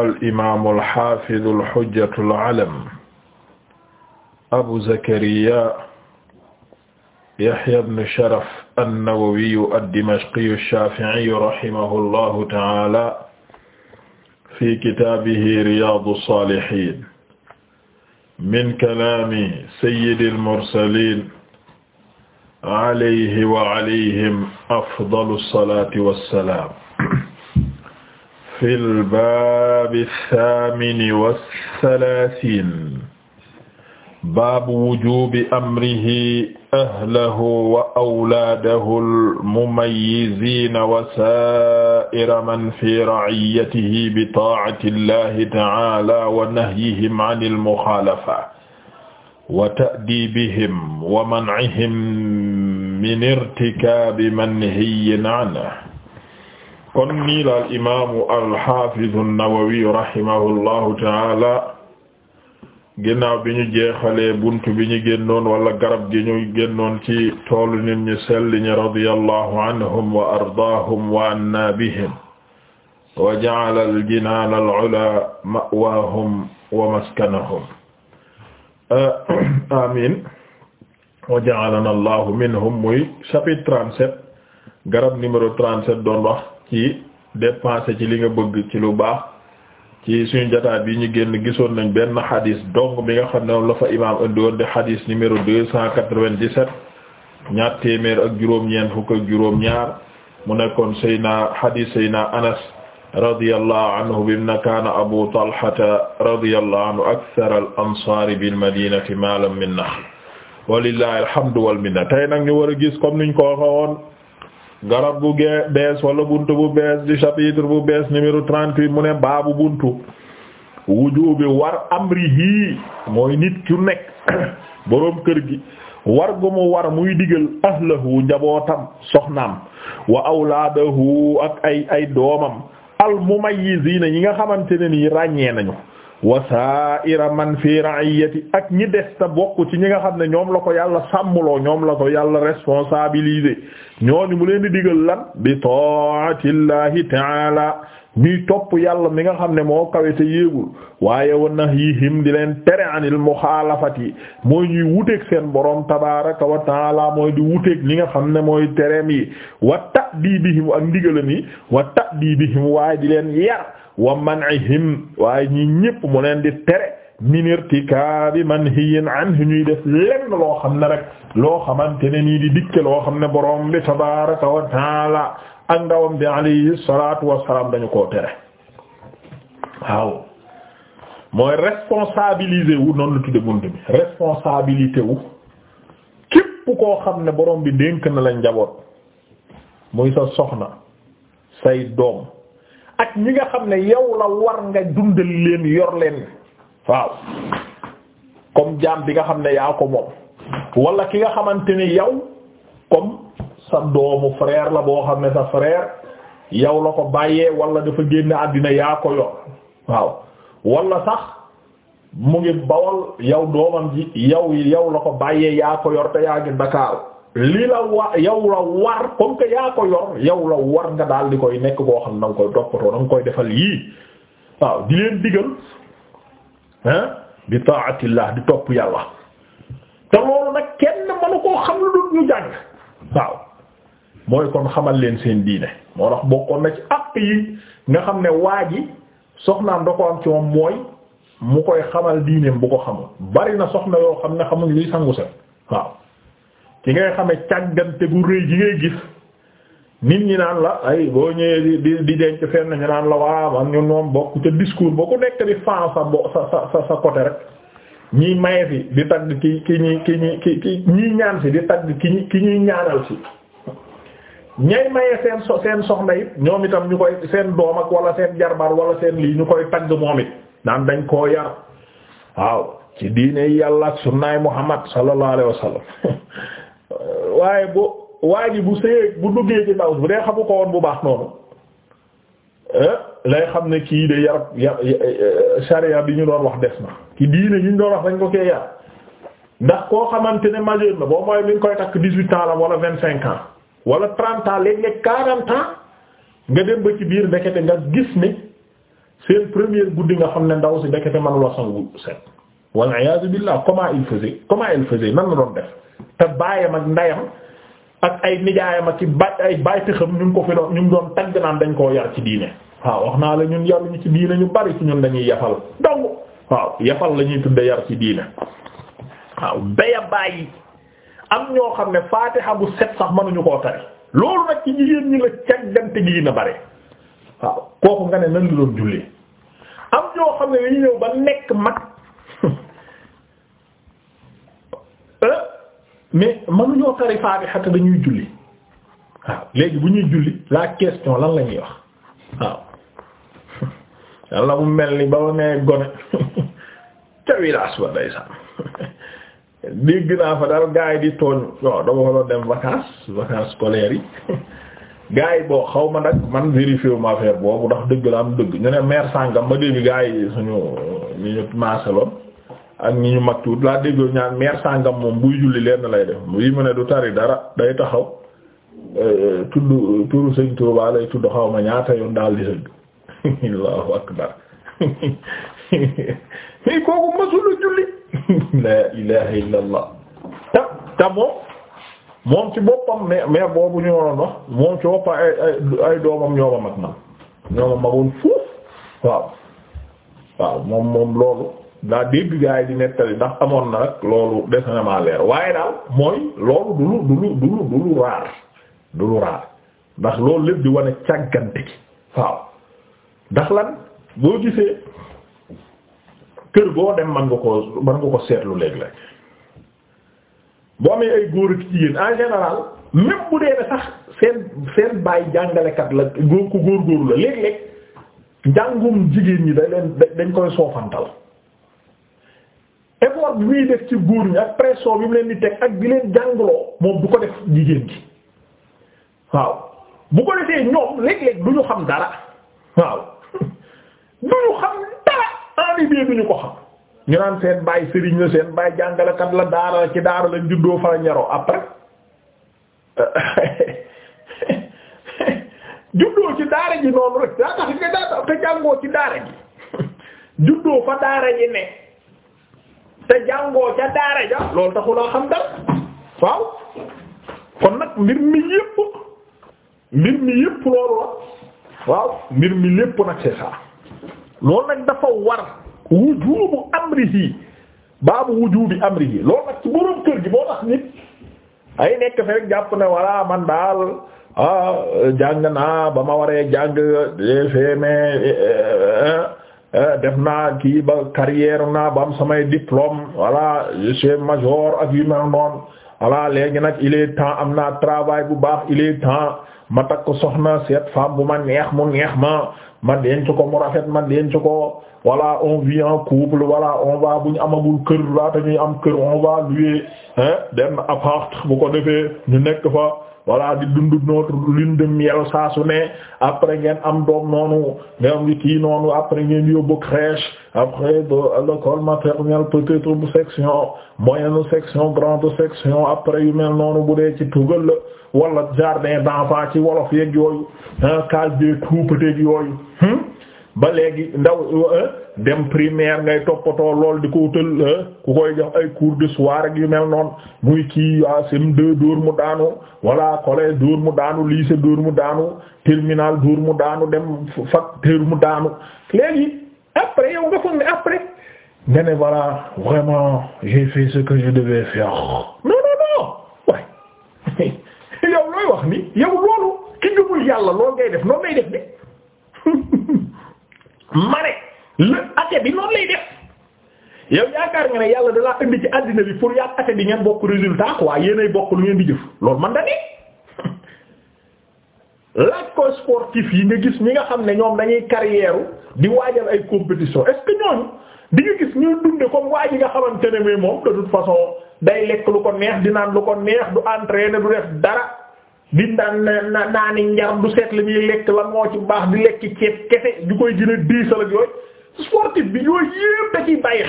al imaam al xaafiz al xujjatu al alam abu zakariya yahya ibn sharaf an-nawawiyu ad-dimashqiyu ash-shaafi'iyu rahimahu llahu ta'aala fi kitaabihi riyaadu saalihiin min kalaami sayyidil mursaliin alayhi wa alayhim afdalu salaati wa salaam fil baabi saamini wassalaasiin baabu wujuubi amrihi ahlahu wa awlaadahu almumayyiziina wa saa'ira man fi ra'iyyatihi bi taa'ati llaahi ta'aalaa wa nahyihim 'anil muxaalafa wa ta'diibihim wa man'ihim min irtikaabi manhiyyin 'anhu kon nii la al imaamu alxafidu an-Nawawi rahimahullahu taala ginnaaw bi ñu jeexalee buntu bi ñu génnoon wala garab gi ñu génnoon ci toolu nit ñu sell ñi radiyallahu anhum wa ardaahum wa anna bihim wa ja'ala al-jinaan al-'ulaa ma'waahum wa maskanahum amiin wa ja'alana allahu minhum muy chapitre 37 garab numéro 37 doon wax ci li nga bëgg ci lu baax ci suñu jotaay bi ñu génn gisoon nañ benn xadis donc bi nga xam ne moom la fa imaam indi woon di xadis numéro deux cent quatre-vingt-dix-sept ñaar téeméer ak juróom-ñeent fukk ak juróom-ñaar mu nekkoon sayna xadis sayna Anas radiyallahu anhu bi na kaana Abu Talhata radiyallahu anhu akthar al ansaar bil madinati maalan min naxl alhamdu wal tey nag ñu war gis comme niñ ko waxoon garab gu gee bees wala buntu bu bees di chapitre bu bees numéro 38 mu ne baabu buntu wujubi war amrihi mooy nit ku nekk boroom kër gi war gu mu war muy digal ahlahu njabootam soxnaam wa awlaadahu ak ay ay doomam al mumayyiziina ñi nga xamante ne nii ràññee nañu wa ira man fi ra'iyati ak ñi des ta bokk ci ñi nga xam ne ñoom la ko yàlla sàmmloo ñoom la ko yàlla ñoo ñooñu mu leen di digal lan bi ta'atillahi ta'ala ñuy topp yàlla mi nga xam ne moo kawe te yéegul waaye wa nahyihim di leen tere anil yi mooy ñuy wuteeg seen borom tabaaraka wa taala mooy di wuteeg li nga xam ne mooy tereem yi wa ta'dibihim ak ndigalam yi wa ta'dibihim waaye di leen yar wa man'ihim waaye ñi ñépp mu leen di tere min irtikaabi manhiyin anhu ñuy def lenn loo xam ne rek loo xamante ne nii di dikke loo xam ne boroom bi tabaraka wa taala ak ndawam bi alayhi salatu wasalaam dañu ko tere waaw mooy responsabiliser wu noonu la tudde bunt bi responsabilité képp koo xam ne boroom bi dénk na la njaboot muy sa soxna say doom ak ñi nga xam ne yow la war nga dundal leen yor leen waaw comme jaam bi nga xam ne yaa ko moom wala ki nga xamante ni yow comme sa doomu frère la boo xam ne sa frère yow la ko bàyyee wala dafa génn àddina yaa ko yor waaw wala sax mu ngi bawol yow doomam ji yow yow la ko bàyyee yaa ko yor te yaa ngi Dakar li la war yow la war comme que yaa ko yor yow la war nga daal di koy nekk koo xam ne da nga koy toppatoo da koy defal yii waaw di leen digal ah bi taatillah di topp yàlla te loolu nag kenn mënu koo xam lu dul ñu jàng waaw mooy kon xamal leen seen diine moo tax bokkoon na ci àq yi nga xam ne waa ji soxnaam da ko am ci moom mooy mu koy xamal diineem bu ko xamul bari na soxna yoo xam ne xamuñ liy sangu set waaw ci ngay xamee càggante bu rëy gi ngay gis nit ñi naan la ay boo ñëwee di di denc fenn ñu naan la waaw man ñu moom bokk ca discours boo ku nekk di fan sa sa sa rek ñi maye fi di tagg ki ki ñi ki ñaan si di tagg ki ñi ki ñuy ñaanal si ñay maye seen so seen ñoom itam ñu koy seen doom ak wala seen jarbar wala seen lii ñu koy tagg moom it naan dañ koo yar waaw ci diine yàlla ak sunnaay Muhammad sallallahu alayhi wasallam waaye boo waa ji bu see bu duggee ci ndaw bu dee xamu ko woon bu baax noonu eh, lay xam ne kii de yarab yar eh, sharia bi ñu doon wax des na ki diine ñu doon wax dañ ko koy yar ndax koo xamante ne majeur na boo mooy mi ngi koy takk dix-huit ans la wala vingt-cinq ans wala trente ans léeg-léeg quarante ans nga dem ba ci biir ndekete nga gis ni seen première guddi nga xam ne ndaw si ndekete mënula sangu set wal iyaazu billah comment il faisait comment il doon def te baayam ak ndeyam ak ay nijaayam ak ba ay bayti xam ko fi doon ñu doon tagg naan dañ koo yar ci diine waaw wax naa la ñun yaruñu ci diine ñu bari ci ñun dañuy yafal dong waaw yafal la ñuy tudde yar ci diine waaw béya bàyyi am ñoo xam ne faatiha bu set sax mënuñu koo tari loolu nag ci jigéen ñi la caggante gi na bare waaw kooku nga ne nan doon jullee am ñoo xam ne dañu ñëw ba nekk mag mais mënuñoo tari Faatiha te dañuy julli waaw léegi bu ñuy julli la question lan la ñuy wax waaw yàlla mu mel ni ba ma nee gone ca village ba day saan dégg naa fa daal gars yi di tooñ waaw dama ko dem vacances vacances scolaires yi gars boo xaw ma nag man vérifié wu ma affaire boobu ndax dëgg la am dëgg ñu ne maire sàngam ma dégg gars yi suñu ñu ñu maaseloon ak ñi ñu mag tuut laa déggoo ñaan meer sàngam moom buy julli lenn lay def muy mu ne du tari dara day taxaw euh, tudd turu sëñ Tuubaa lay tudd xaw ma ñaata yoon daal di sëgg Allahu akbar fii kooku masula julli la ilaha illa allah te moom moom ci boppam mais mais boobu ñu waroon wax moom ci boppam ay ay doomam ñooma mag man ñooma magoon foofu waaw waaw moom moom loolu daa dégg gaa yi di nettali ndax amoon na rek loolu des na maa waaye daal mooy loolu du lu du lu du lu du lu raar du lu raar ndax loolu lépp di wane càggante gi waaw ndax lan boo gisee kër boo dem man nga ko man nga ko seetlu léeg la boo amee ay góor ak jigéen en général même bu dee ne sax seen seen baay jàngalekat la góor ku góor góor la léeg-léeg njàngum jigéen ñi dañ leen dañ koy soofantal effort bi muy def ci góor ñi ak pression bi mu leen di teg ak bi leen jàngloo moom du ko def jigéen gi waaw bu ko defee ñoom léeg-léeg du ñu xam dara waaw du ñu xam dara en réalité du ñu ko xam ñu naan seen baay sëriñ la seen baay jàngalekat la daara la ci daara la juddoo fa ñaroo après juddoo ci daara ji noonu rek daa tax nga daa tax te jàngoo ci daara ji juddoo fa daara ji ne. te jàngoo ca daara ja loolu taxuloo xam dara waaw kon nag mbir mi yépp mbir mi yépp loolu waaw mbir mi lépp nag c'est ça loolu dafa war wujubu amrihi baabu wujubi amrihi loolu nag ci boroom kër gi boo tax nit ay nekk fe rek jàpp ne walla man daal ah, jàng naa ba ma waree jàng eh, fee mais eh, eh, Eh, def naa kii ba carrière naa ba am samay diplôme voilà je suis major ak yu mel noonu voilà léegi nag il est temps am naa travail bu baax il est temps ma takk soxna seet femme bu ma neex mu neex ma ma denc ko mu rafet ma denc ko wala on vit en couple voilà on va bu ñu amagul kër laata ñuy am kër on va louer hein benn appart bu ko defee ñu nekk fa. voilà di dundu notre lune de miel saa su ne après ngeen am doom noonu ngeen am di kii noonu après ngeen yóbbu crèche après l'école maternelle peut-être bu section moyenne section grande section après yu mel noonu bu dee ci tugal la wala jardin d'enfants ci wolof yeeg yooyu case des tout petits yooyu. Hmm? ba léegi ndaw euh, dem primaire ngay toppatoo lool di ko wutal euh, ku koy jox ay cours de soir ak yu mel noon muy kii waa CM2 dóor mu daanu walla collège dóor mu daanu lycée dóor mu daanu terminal dóor mu daanu dem fac dóor mu daanu léegi après yow nga foog ne après nga ne voilà vraiment j'ai fait ce que je devais faire non non non loolu ki jubul yàlla loolu ngay def noonu ngay def ni ma ne le bi noonu lay def yow yaakaar nga ne yàlla dalaa indi ci àddina bi pour yàgg athée bi ngeen bokk résultat quoi yéenay bokk lu ngeen di jëf loolu man da ne laaj ko sportif yi nga gis ñi nga xam ne ñoom dañuy carrière di waajal ay compétition est-ce que di nga gis ñuy dundee comme waa ji nga xamante ne moom de toute façon day lekk lu ko neex di naan lu ko neex du entraîner du def dara. di naan na naani njar du seet li muy lekk baax di lekk ceeb kese du koy gën a diisal bi yooyu yépp da ciy bàyyi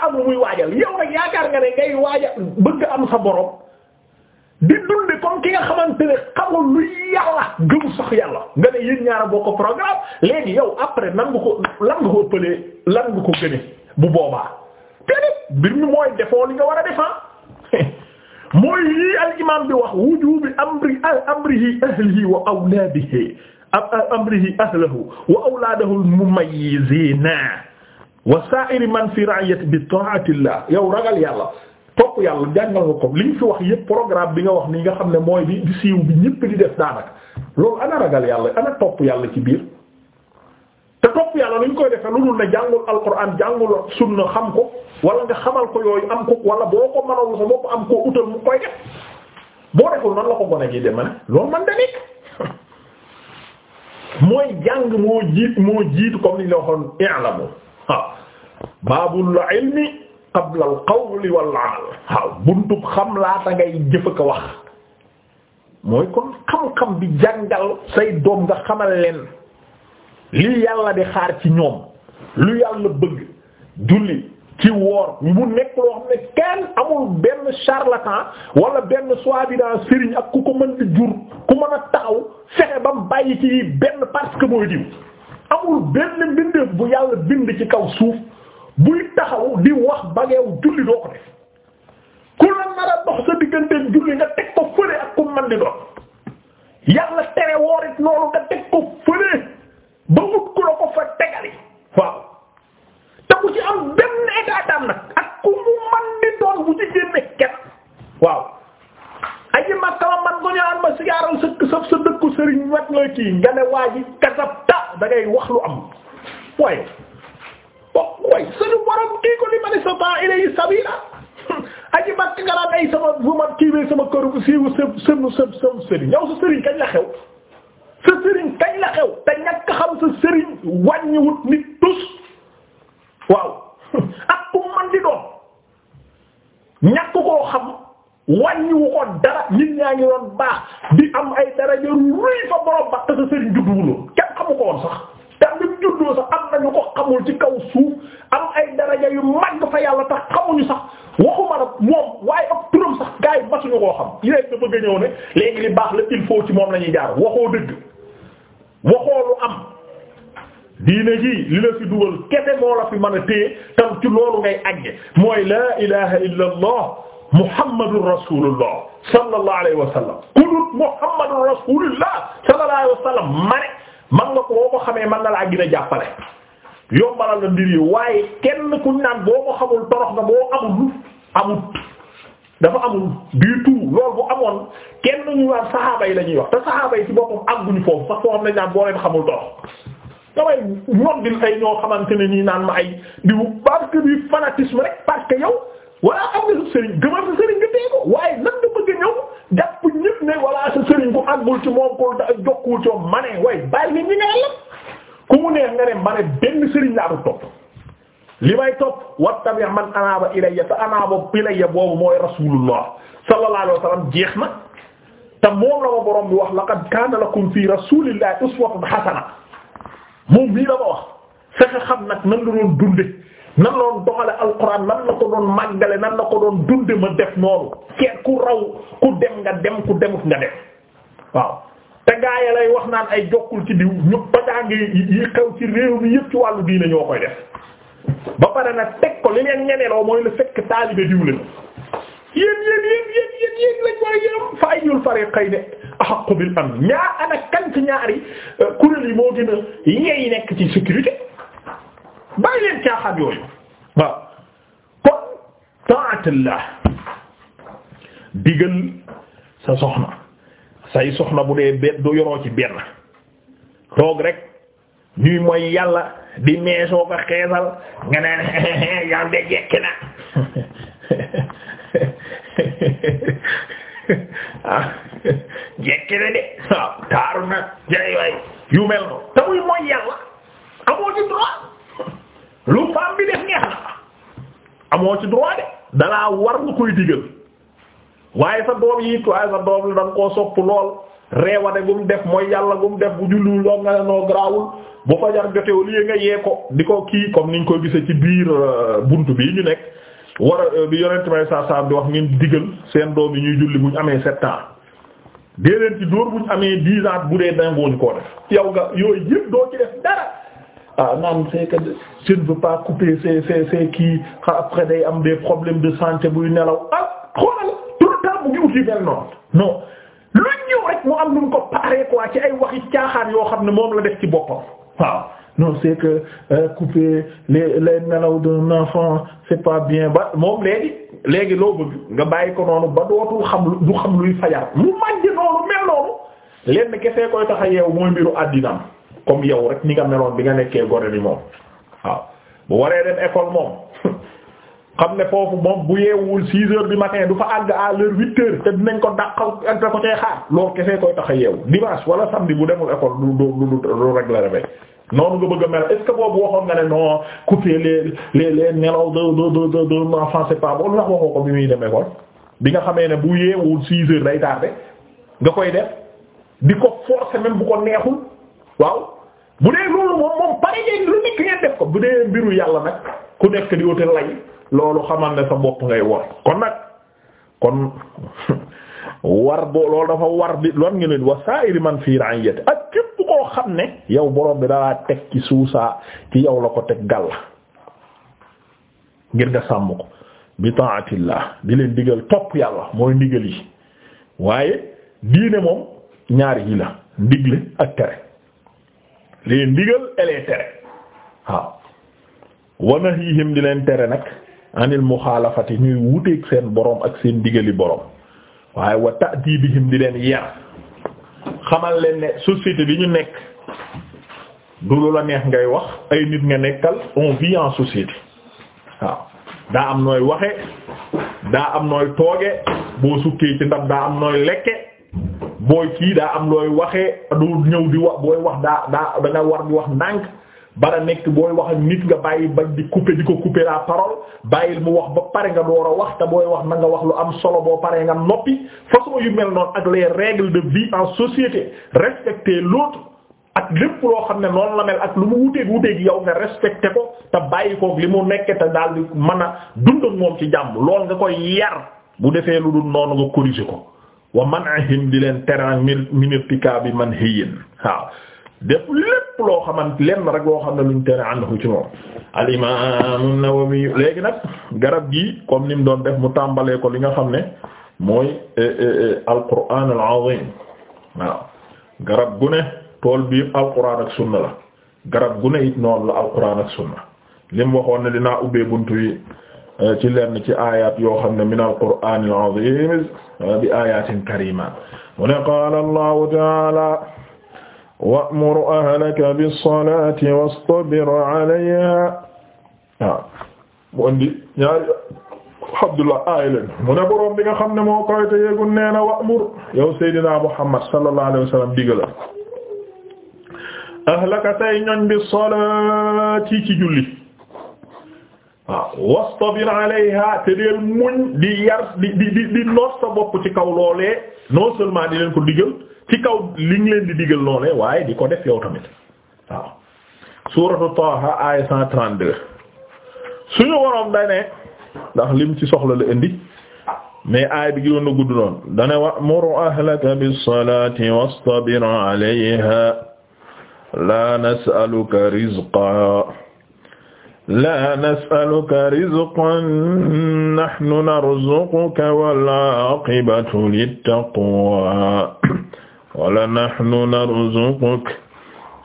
am lu muy waajal yow nga yàlla gëm sax boo ko programme léegi yow après nan nga ko lan nga ko pëlee bu boobaa tëdëb mbir mi mooy defoo li nga war a defaa mooy lii al imaam bi wax wujubi amri amrihi ahlihi wa awlaadihi amrihi ahlahu wa awlaadahu al wa saa'iri man fi ra'yati bi ta'atillah yow ragal yàlla topp yàlla jàngal nga ko fi wax yépp programme bi nga wax nii nga xam ne mooy bi di siiw bi ñépp def daanaka loolu ana ragal yàlla ana topp yàlla ci biir te topp yàlla lu ñu koy defee lu dul ne jàngul alquran sunna xam ko wala nga xamal ko yooyu am ko wala boo ko mënoon sa bopp am ko utal mu koy def boo deful nan la ko gone gi de ma loolu man da nekk mooy jàng moo jiit moo jiit comme ni la waxoon i'lamu waaw baabul ilmi qabla al qawli wal amal waaw buntub xam laata ngay jëf ak wax mooy kon xam-xam bi jàngal say doom nga xamal leen li yàlla di xaar ci ñoom lu yàlla bëgg julli ci woor mu nekk loo xam ne kenn amul benn charlatan wala benn soit disant sëriñ ak ku ko mën di jur ku mën a taxaw fexe ba mu bàyyi ci benn parce que mooy diw amul benn mbindeef bu yàlla bind ci kaw suuf buy taxaw di wax bageew julli doo ko def ku la nar a sa digganteeg julli nga teg ko fële ak ku mën di doon yàlla tere woor it noonu nga teg ko fële ba wut ku la ko fa tegali waaw. ku ci am benn état d'âme nag ak ku mu man di doon bu ci génne waaw aji makka ma man ko ñaan ma sigaaral sa sa sa dëkku sëriñ wat la kii nga ne waa kasabta da wax lu am waaye waaw suñu borom kii ko li ma ne sa ba ilayhi sabila aji nga naan ay sama bu ma kiiwee sama këru siiwu së sënu së sën sëriñ yow sa sëriñ kañ la xew sa sëriñ kañ la xew te ñàkk xam sa sëriñ wàññiwut nit tus waaw ak ku man di doon ñàkk koo xam wàññiwu ko dara nit ñaa ngi doon baax di am ay daraja ruy fa borom ba te sa sëriñ judduwuloon kenn xamu ko woon sax te bi mu juddoo sax am nañu ko xamul ci kaw suuf am ay daraja yu mag fa yàlla tax xamuñu sax waxuma la moom waaye ak turam sax gaa yi basuñu koo xam léegi nga bëgg a ñëw ne léegi li baax la il ci moom la ñuy jaar waxoo dëgg waxoo lu am diine ji li la fi dugal kese moo la fi mën a téye tam ci loolu ngay àgge mooy laa ilaha illa allah muhammadun rasulullah sallallahu alayhi wa sallam kudut muhammadun rasulullah sallallahu alayhi wa sallam mane man nga ko boo ko xamee man na laa gën a jàppale yombalal la mbir yi waaye kenn kuñ naan boo ko xamul torox nga moo amul amul dafa amul du tout loolu bu amoon kenn ñu naan saxaaba yi la ñuy wax te saxaaba yi ci boppam àgguñu foofu sax foo xam ne naan xamul torox damay ñoddil ay ñoo xamante ne nii naan ma ay di parce que du fanatisme rek parce que yow voilà am nga sa sëriñ gëmal sa nan nga bëgg a ñëw jàpp ñëpp ne voilà sa sëriñ ku àggul ci moom moom ma ne waaye bàyyi leen ñi nga yàlla ku mu neex nga ne laa du topp li may topp wattabi man anaaba ilayya te anaaba ilayya boobu mooy rasulullah sallallahu alayhi wa sallam jeex na te la wax laqad kaana lakum fi rasulillahi uswatun hasana moom lii la ko wax fexe xam nag nan la doon dunde nan la doon doxale alquran nan la ko doon màggale nan la ko doon dunde ma def noonu kenn ku raw ku dem nga dem ku demut nga dem waaw te gaaya lay wax naan ay jokkul ci diw ñu bajaange yi xew ci réew mi yëpp ci wàllu diine ñoo koy def ba pare nag teg ko li leen ñeneloo mooy le fekk taalibe diw leen yéen yéen yéen yéen yéen yéen lañ war a yërëm fa ayyul fariqayni ahaqqu bil amn ñaar ana kan ci ñaari euh, kuréel yi moo gën a yey nekk ci sécurité bàyyi leen caaxaan yooyu waaw kon ta'atullah digal sa soxna say soxna bu dee benn du yoroo ci benn toog rek ñuy mooy yàlla di meesoo ko xeesal nga naan yàlla de jekki na ah de ah, taaru na jay way yu mel noonu te mooy yàlla amoo ci droit lu femme bi def neex na ci droit de war nga koy digal waaye sa doom yi waaye sa doom la da nga koo sopp lool reewane gum def mooy yàlla gum def bu julliwul lool nga ne noo garaawul bu fajar jotee au lieu nga yee ko di ko kii comme niñ koy gisee ci biir euh, buntu bi ñu nekk war a euh, bi yonent may saa saa bi wax ngeen digal seen doom yi ñuy julli bu ñu amee set ans dee leen ci dóor bu ñu amee dix ans bu dee dangooñu koo def yow nga yooyu yëpp doo ci def dara ah naan c'est que je ne pas couper c'est c'est kii ah, après day am des problèmes de santé buy nelaw ah xoolal am lu yoo xam ne moom la def ci boppam waaw. non c'est que euh, couper les les melaw d'un enfant c'est pas bien ba moom léegi léegi loo bëgg nga bàyyi ko noonu ba dootul xam du xam luy fajar mu màjj noonu mel noonu lenn kese koy tax a yeewu mooy mbiru àddinaam comme yow rek ni nga meloon bi nga nekkee gore ni moom waaw bu waree dem école moom xam ne foofu moom bu yeewul six heures du matin du fa àgg à l'heure te dinañ ko dàqal ak da ko cee xaar loolu kese koy tax a yeewu dimanche wala samedi bu demul école du du du du régler rek noonu nga bëgg a mel est-ce que boobu waxoon nga ne non couper les les nelaw de de de de l'enfant c'est pas bon ndax muy dem école bi nga xamee ne bu yeewul six heures day tardé nga koy def di ko forcer même bu ko neexul waaw bu dee loolu moom moom pare yàlla nag ku nekk loolu xamal ne sa bopp ngay war kon nag kon war boo loolu dafa war di lon ngi leen wa sa'iri man fii ra'iyati ak képp koo xam ne yow borom bi dalaa teg ci suusaa ci yow la ko teg gàll ngir nga sàmm ko bi ta'atillah di leen diggal topp yàlla mooy ndigal yi waaye diine moom ñaari yi la ndigle ak tere leen digal elee tere waaw wa nahyihim di leen tere nag anil muxaalafati ñuy wuteeg seen borom ak seen digali borom waaye wa ta'dibihim di leen yar xamal leen ne société bi ñu nekk du lu la neex ngay wax ay nit nga nekkal on vit en société waaw daa am nooy waxe daa am nooy tooge boo sukkee ci ndab daa am nooy lekke booy kii daa am looy waxe du ñëw di wax booy wax daa daa war di wax ndànk bara nekk booy wax ak nit nga bàyyi bañ di couper di ko couper la parole bàyyil mu wax ba pare nga door a wax te booy wax na nga wax lu am solo boo paree nga noppi façon yu mel noonu ak les règles de vie en société respecter l'autre ak lépp loo xam ne noonu la mel ak lu mu wuteeg wuteeg yow nga respecté ko te bàyyi koog li mu nekk te daal di mën a dund ak moom ci jàmm lool nga koy yar bu defee lu dul noonu nga corriger ko wa man'ihim di leen terrain min irtikaabi manhiyin waaw def lépp lépp loo xamante lenn rek loo xam ne luñ tere ànd ci moom al imam an léegi nag garab gi comme ni doon def mu tàmbalee ko li nga xam ne mooy eh, eh, eh, al-Qur'an al-azim waaw garab gu ne tool bi yëpp al-Qur'an ak sunna la garab gu ne it noonu la al-Qur'an ak sunna li waxoon ne dinaa ubbee buntu wi ci lenn ci ayaat yoo xam ne min al-Qur'an al-azim bi ayatin karima mu ne qaala Allahu ta'ala wa'mur ahlaka bis-salaati wastabir alayhaa waaw mu andi ñaari Abdullah aay leen mu ne boroom bi nga xam ne moo koy te yéegul nee na wa'mur yow Seydina Muhammad sallallahu alayhi wa sallam digala ahlaka tay ñoñ bis-salaati ci julli waaw wastabir alayhaa te deel muñ di yar di di di noot sa bopp ci kaw loolee non seulement di leen ko digal ci kaw li digal loolee waaye di ko def yow tamit waaw suuratu Taaha aaya 132 suñu waroom day ne ndax lim ci soxla la indi mais aaya bi gënoon na dane wa'mur ahlaka bis-salaati wastabir 'alayha laa nas'aluka rizqan laa nas'aluka rizqan wal 'aaqibatu lit wala nahnu narzuquk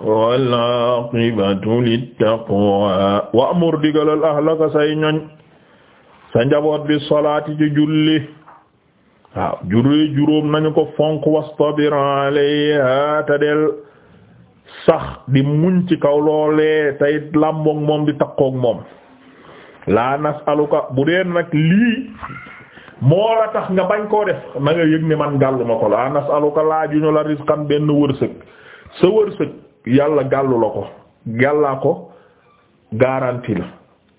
wal aqibatu littaqwa wa amur digalal ahlaka say ñoñ sa njaboot bi solaati ci julli waaw juróom nañu ko fonk wastabir alayha ta del sax di muñ ci kaw loolee tey moom di takkoog moom laa nasaluka bu dee nag lii moo la tax nga bañ koo def na nga yëg ne man gàllu ko la ah, nasaluka laajuñu la rizqan benn wërsëg sa wërsëg yàlla gàllu la ko gàllaa ko garanti la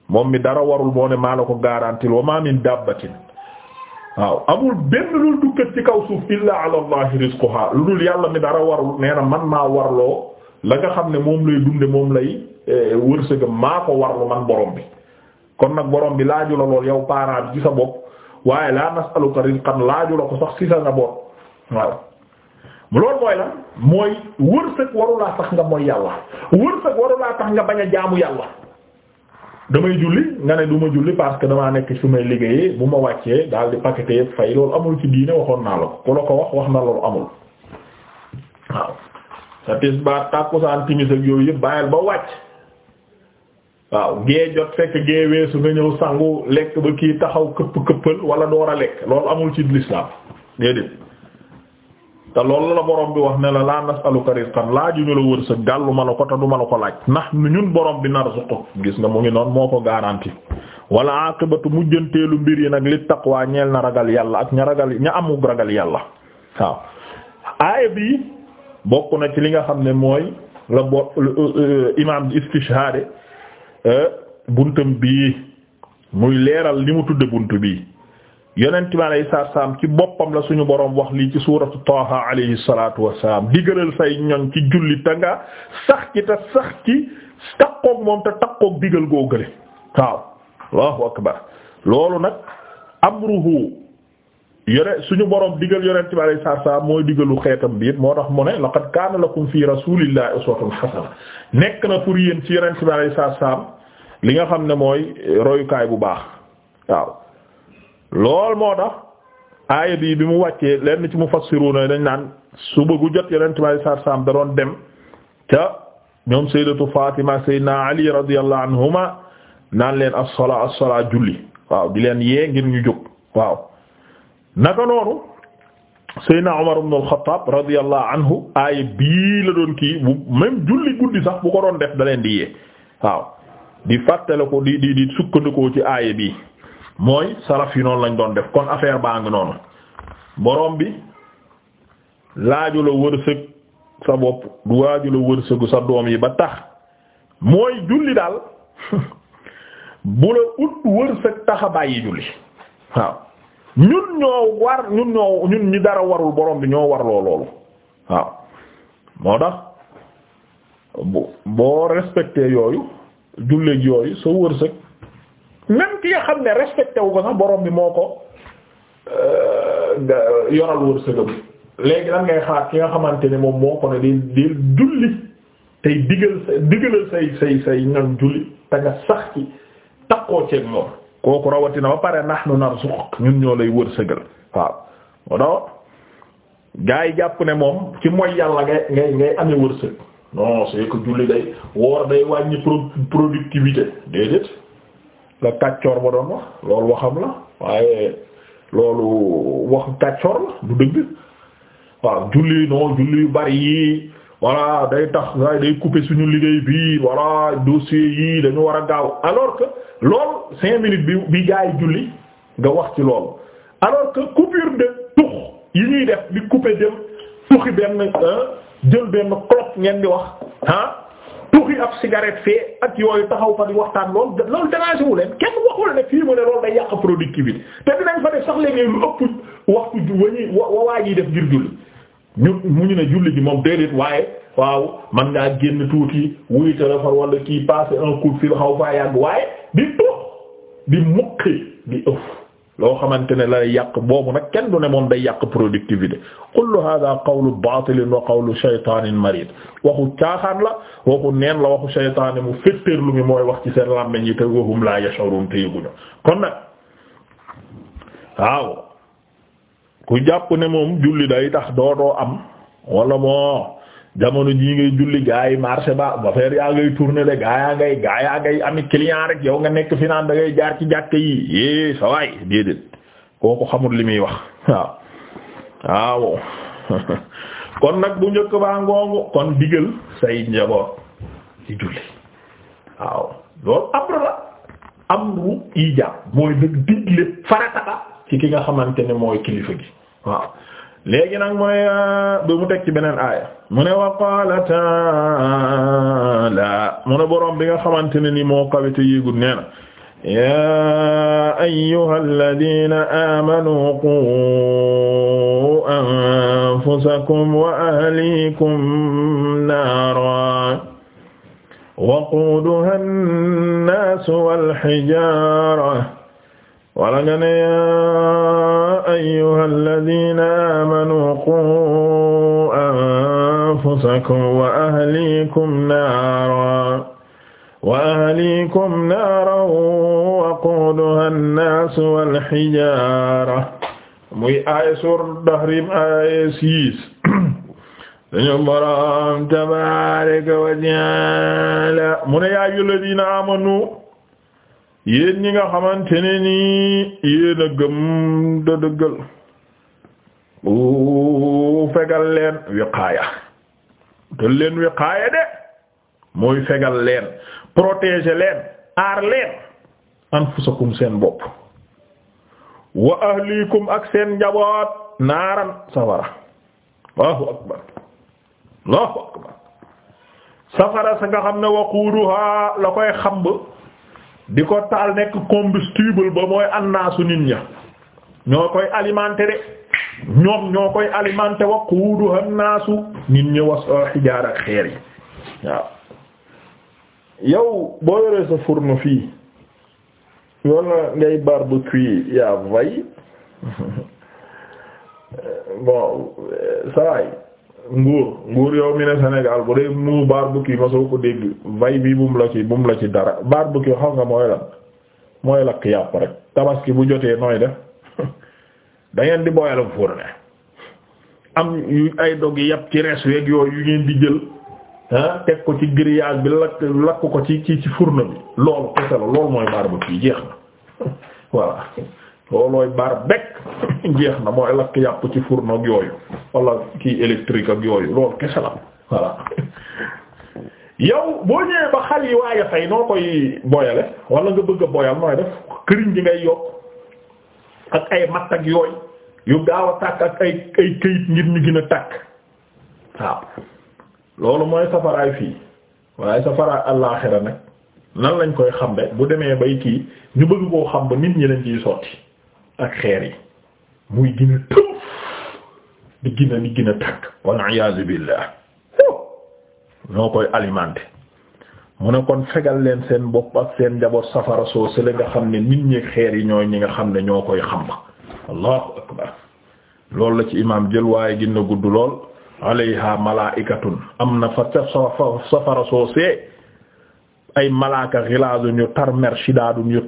moom mi dara warul moo ne maa la ko garanti wa ma min dabbatin waaw amul benn lul dukkat ci kaw suuf illaa ala allahi rizquha lu dul yàlla mi dara warul nee na man maa warloo la nga xam ne moom lay dunde moom lay eh, wërsëgam maa ko warlu man borom bi kon nag borom bi laaju la lool yow parent bi ci sa bopp waaye laa nasaluka rizqan laaju la ko sax si sa njaboot waaw loolu mooy lan mooy wërsëg warulaa tax nga mooy yàlla wërsëg warulaa tax nga bañ a jaamu yàlla damay julli nga ne du julli parce que damaa nekk su may liggéeyee bu ma wàccee daal di paqueté yëpp fay loolu amul ci diine waxoon naa la ko ku la ko wax wax na loolu amul waaw sa tis ba tàkkusaan timis yooyu yëpp bàyyil ba wàcc waaw gée jot fekk gée weesu nga ñëw sangu lekk ba kii taxaw këpp këppal wala door a lekk loolu amul ci l'islam déedéet te loolu la boroom bi wax ne la laa nasaluka rizqan laajuñu la wërsëg gàllu ma la ko te du la ko laaj nax ndax ñun boroom bi narzuqu gis nga mu ngi noonu moo ko garanti wala aqibatu mujjanteelu mbir yi nag li waa ñeel na ragal yàlla ak ña ragal ña amug ragal yàlla waaw aaya bi bokk na ci li nga xam ne mooy la euh, euh, imaam Euh, buntam bii muy leeral li mu tudde bunt bii yonent bi alayhi salaatu salaam ci boppam la suñu boroom wax lii ci suuratu Taaha alayhi salaatu wassalaam digalal say ñoñ ci julli te nga sax ci te sax ci takkook moom te takkook digal goo waaw allahu akbar loolu nag amruhu yore suñu borom digal yonent bi alayhi salaatu salaam mooy digalu xeetam bi moo tax mu ne laqad kaana lakum fi rasuulillahi uswatun hasana nekk na pour yéen ci yonent bi alayhi salaatu li nga xam ne mooy royukaay bu baax waaw lool moo bi bi mu wàccee lenn ci mufassiruna dañ naan suba gu jot yonent bi alayhi salaatu salaam da doon dem ca ñoom sayyidatu Fatima sayyidina Ali radiyallahu anhuma naan leen as-salaa as-salaa julli waaw di leen yee ngir ñu jóg waaw naka noonu Seydina Umar ibn al-Khattab radiyallahu anhu aay bii la doon kii bu même julli guddi sax bu ko doon def da leen di yee waaw di fàttale ko di di di sukkandikoo ci aay bi mooy salaf yi noonu lañ doon def kon affaire baa ngi noonu borom bi laaju la wërsëg sa bopp du waaju la wërsëgu sa doom yi ba tax mooy julli daal bu la ut wërsëg tax bàyyi julli waaw ñun ñoo war ñun ñoo ñun ñi dara warul borom bi ñoo war loolu waaw moo tax boo respecté yooyu julleek yooyu sa wërsëg même ki nga xam ne respecté ko sax borom bi moo ko euh, yoral wërsëgam léegi lan ngay xaar ki nga xamante ne moom moo ko ne di di julli tey digal sa digalal say say say ñoom julli te nga sax ci takkoo ceeb moom kooku rawatina ba pare nahnu narzuq ñun ñoo lay wërsëgal waaw wodoo gaa yi jàpp ne moom ci mooy yàlla ngay ngay ngay amee wërsëg non c'est que julli day woor day wàññi productivité déedéet la kàccoor ba doon wax loolu waxam la waaye loolu wax kàccoor la du dëgg waaw julli non julli yu bari yi voilà day tax waaye day couper suñu liggéey bi voilà dossier yi dañu war a gaaw alors que loolu cinq minutes bi bi gaa yi julli nga wax ci loolu alors que coupure de tux yi ñuy def di couper dem tuxi benn jël benn clope ngeen di wax ah tuxi ab cigarette fee ak yooyu taxaw fa di waxtaan loolu loolu dérangé wu leen kenn waxul ne fii mu ne loolu day yàq productivité te dinañ fa def sax léegi lu ëpp waxtu wa ñuy wa def ngir julli. ñu mu ñu ne julli ji moom déedéet waaye waaw man ngaa génn tuuti wuy téléphone wala kii passé un coup lu xaw faa yàgg waaye di tuux di muqi di ëf loo xamante ne la yàq boobu nag kenn du ne moom day yàq productivité kullu hada qawlu batilin wa qawlu shaytanin marid waxu caaxaan la waxu neen la waxu shaytaani mu féttéerlu mi mooy wax ci seen làmmeñ yi te wahum la yashurun te yëguñu kon nag waaw ku jàpp ne moom julli day tax dootoo am wala moo jamono jii ngay julli gaa yi marché ba ba feer yaa ngay tourner de gaa yaa ngay gaa yaa ngay ami client rek yow nga nekk fi dangay da jaar ci jàkk yi yée sa waay déedéet kooku xamul li muy wax waaw waaw kon nag bu njëkk baa ngoongu kon digal say njaboot ci julli waaw loolu amru la amru ijaab mooy nag digle farata la ci ki nga xamante ne mooy kilifa gi waaw léegi nag mu ne euh, ba mu teg ci beneen aaya mu ne wa qaala taala mu ne boroom bi nga xamante ne ni moo kawite yéegul nee na yaa ayyuhal ladiina aamanuu quu anfusakum wa ahliikum naaran waquuduha an-naasu wal hijaara wala nga ne yaa ayyuha alladina amanu quu anfusakum wa ahlikum naara wa ahlikum naara waquuduha annaasu walxijaara muy aaya suur Tahrim aaya siis dañu Boroom tabaaraka wa ta'aala mu ne yaa ayyuha alladina amanu yéen ñi nga xamante ne nii yéen a gëm da dëggal o fegal leen wiqaaya te leen wiqaaya de mooy fegal leen protéger leen aar leen anfusakum seen bopp wa ahlikum ak seen njaboot naaral safara allahu akbar allahu akbar safara sa nga xam ne waquuduha la koy xamb di ko taal nekk combustible ba mooy annaasu nit ña ñoo koy alimenté de ñoom ñoo koy alimenté wa quuduha naasu nit ña was xijaar ak xeer yi yow boo yoree sa fourneau fii walla ngay barbecue yaa vay bon euh, nguur nguur yow mi ne Sénégal bu dee mu barbecue ma soo ko dégg vay bi bu la ci bu la ci dara baar barbecue xaw nga mooy lan mooy lakk yàpp rek tabaski bu jotee nooy def da ngeen di boyal fourne am yu ay dog yi yàpp ci res weeg yooyu yu ngeen di jël teg ko ci grillage bi lakk lakk ko ci ci ci fourne bi loolu kese la loolu mooy barbecue jeex na voilà loolooy bar bekk jeex na mooy lakk yàpp ci fourneau ak yooyu wala kii électrique ak yooyu loolu kese la voilà yow boo ñëwee ba xal yi waaye fay noo koy boyale wala nga bëgg a boyal nooy def këriñ gi ngay yokk ak ay matt ak yooyu yu gaaw a tàkk ak ay ay këyit ngir ñu gën a tàkk waaw loolu mooy safaraay fii waaye safaraay àllaaxira nag nan lañ koy xam bu demee bay kii ñu bëgg koo xam nit ñi lañ ciy sotti ak xeer yi muy gën a tëb di gën a di gën a tàkk wal iyaazu ñoo koy alimenté mu ne kon fegal leen seen bopp seen njaboot safara soo sële nga xam ne nit ñi xeer yi ñooy ñi nga xam ne ñoo koy xam allahu akbar loolu la ci imaam jël waaye gën gudd lool alayha malaikatun am na fa ca safara soo see ay malaaka xilaadun yu tar mershidaadun yu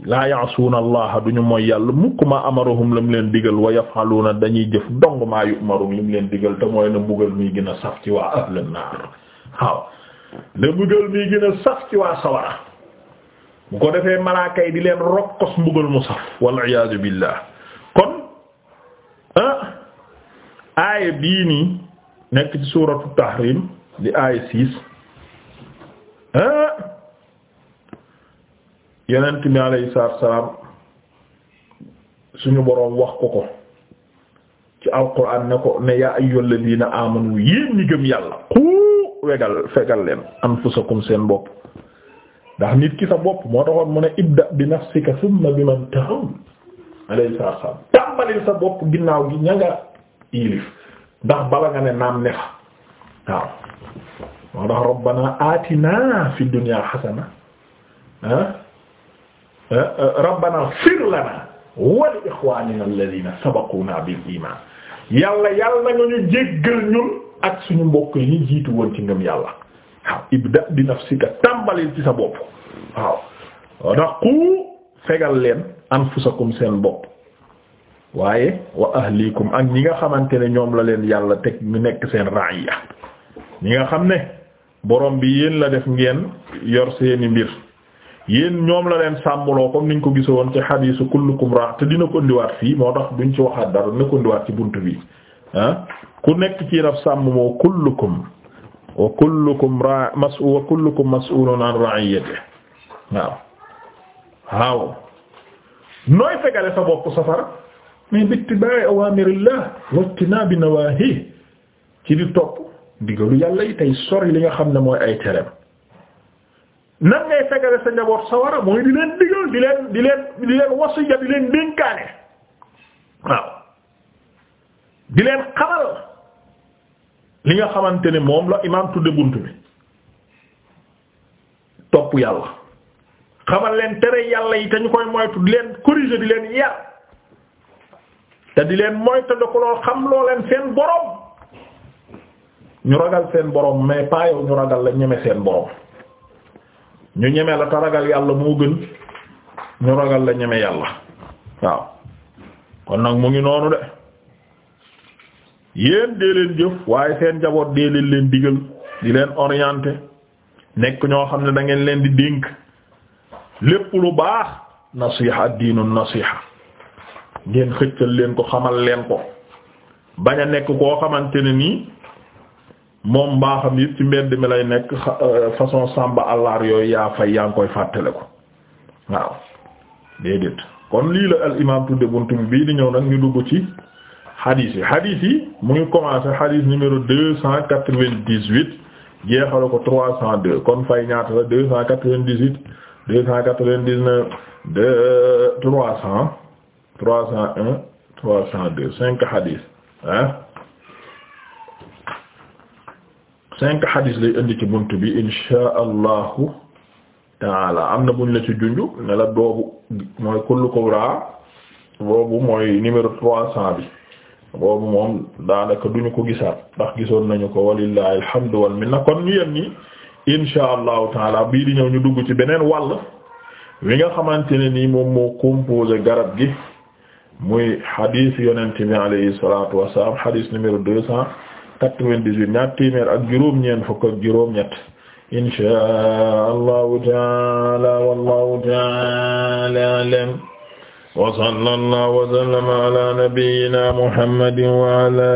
laa yaasuuna allaha duñu mooy yàlla mukk ma amarahum lam leen digal wa yafaluuna dañuy jëf dong maa yu'marum lim leen digal te mooy na mbugal mi gën a saf ci waa ahlan naar waaw na mbugal mi gën a saf ci waa sawara bu ko defee malaaka yi di leen rokkos mbugal mu saf wal iyaadu billah kon ah aaya bii nii nekk ci suuratu tahrim di aaya six ah, yonent mi alayhi salaam suñu boroom wax ko ko ci alquran ne ko ne yaa ayyul ladina amanu yéen ñi gëm yàlla ku wegal fegal leen anfusakum seen bopp ndax nit ki sa bopp moo taxoon mu ne ibda bi nafsika thumma bi man ta'awun alayhi salaam tàmbalil sa bopp ginnaaw gi ña ilif ndax bala nga ne naam ne fa waaw moo tax rabbana atina fid dunya hasana ah, Eh, eh, rabbana ighfir lana wa li sabaquna bil iman yàlla yàlla nga ñu jéggal ñun ak suñu mbokk yi jiitu woon ci ngëm yàlla waaw ibda bi nafsika tàmbalil ci sa bopp waaw raqu fegal leen anfusakum seen bopp waaye wa ahlikum ak ñi nga xamante ne ñoom la leen yàlla teg mu nekk seen raaya ñi nga xam ne borom bi yéen la def ngeen yor seeni mbir yéen ñoom la leen sàmmuloo comme niñ ko gisoon ci xadiisu kullukum ra te dina ko ndiwaat fii moo tax duñ ci waxaat dara dina ko ndiwaat ci bunt bi ah ku nekk ci rab sàmm moo kullukum wa kullukum ra mas wa kullukum mas'ulun an ra'iyatihi waaw waaw nooy fegale sa bopp safara mais bittiba'i awamirillah wajtinabi nawahi ci di topp digalu yàlla yi tey sori li nga xam ne mooy ay tereem nan ngay fegale sa njaboot sa war a mooy di leen digal di leen di leen di leen wasiya di leen dénkaane waaw di leen xamal li nga xamante ne moom la imaam tudde bunt bi topp yàlla xamal leen tere yàlla yi te ñu koy moytu di leen corriger di leen yar te di leen moytu da ko loo xam loo leen seen boroom ñu ragal seen boroom mais pas ñu ragal la ñeme seen boroom ñu ñeme la te ragal yàlla moo gën ñu ragal la ñeme yàlla waaw kon nag mu ngi noonu de yéen dee jëf waaye seen njaboot dee leen leen digal di leen orienté nekk ñoo xam ne dangeen leen di dénk lépp lu baax nasiha diinu nasiha ngeen xëccal leen ko xamal leen ko bañ a nekk koo xamante ne nii moom mbaaxam yëpp ci mbedd mi lay nekk euh, façon sàmba àllaar yooyu yaa fay yaa ngi koy fàttale ko waaw déedéet kon lii la al imam tudde buntu bi bii di ñëw nag ñu dugg ci hadith yi hadith yi mu ngi commencé hadith numéro deux cent quatre-vingt-dix-huit jeexale ko trois cent deux kon fay ñaata la deux cent quatre-vingt-dix-huit deux cent quatre-vingt-dix-neuf deux trois cent trois cent un trois cent deux cinq hadith ah cinq xadis lay indi ci bunt bi insha allahu taala am na buñ la ci junj ne la doobu mooy kullu kubra boobu mooy numéro trois cent bi boobu moom daanaka duñu ko gisaat ndax gisoon nañu ko walillahi alhamdu wal minna kon ñu yem ni insha allahu taala bii di ñëw ñu dugg ci beneen wàll wi nga xamante ne nii moom moo composé garab gi muy xadis yonent bi alayhi salatu wassalam xadis numéro deux cent quatre-vingt-dix-huit ñaar téeméer ak juróom-ñeent fukk ak juróom-ñett inshaa Allahu ta'ala wallahu ta'ala a'lam wa sallallahu wa sallama ala nabiyyina Muhammadin wa ala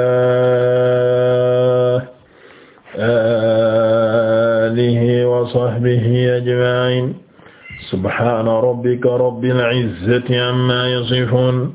alihi wa sahbihi ajma'in subhana rabbika rabbil izzati amma yasifun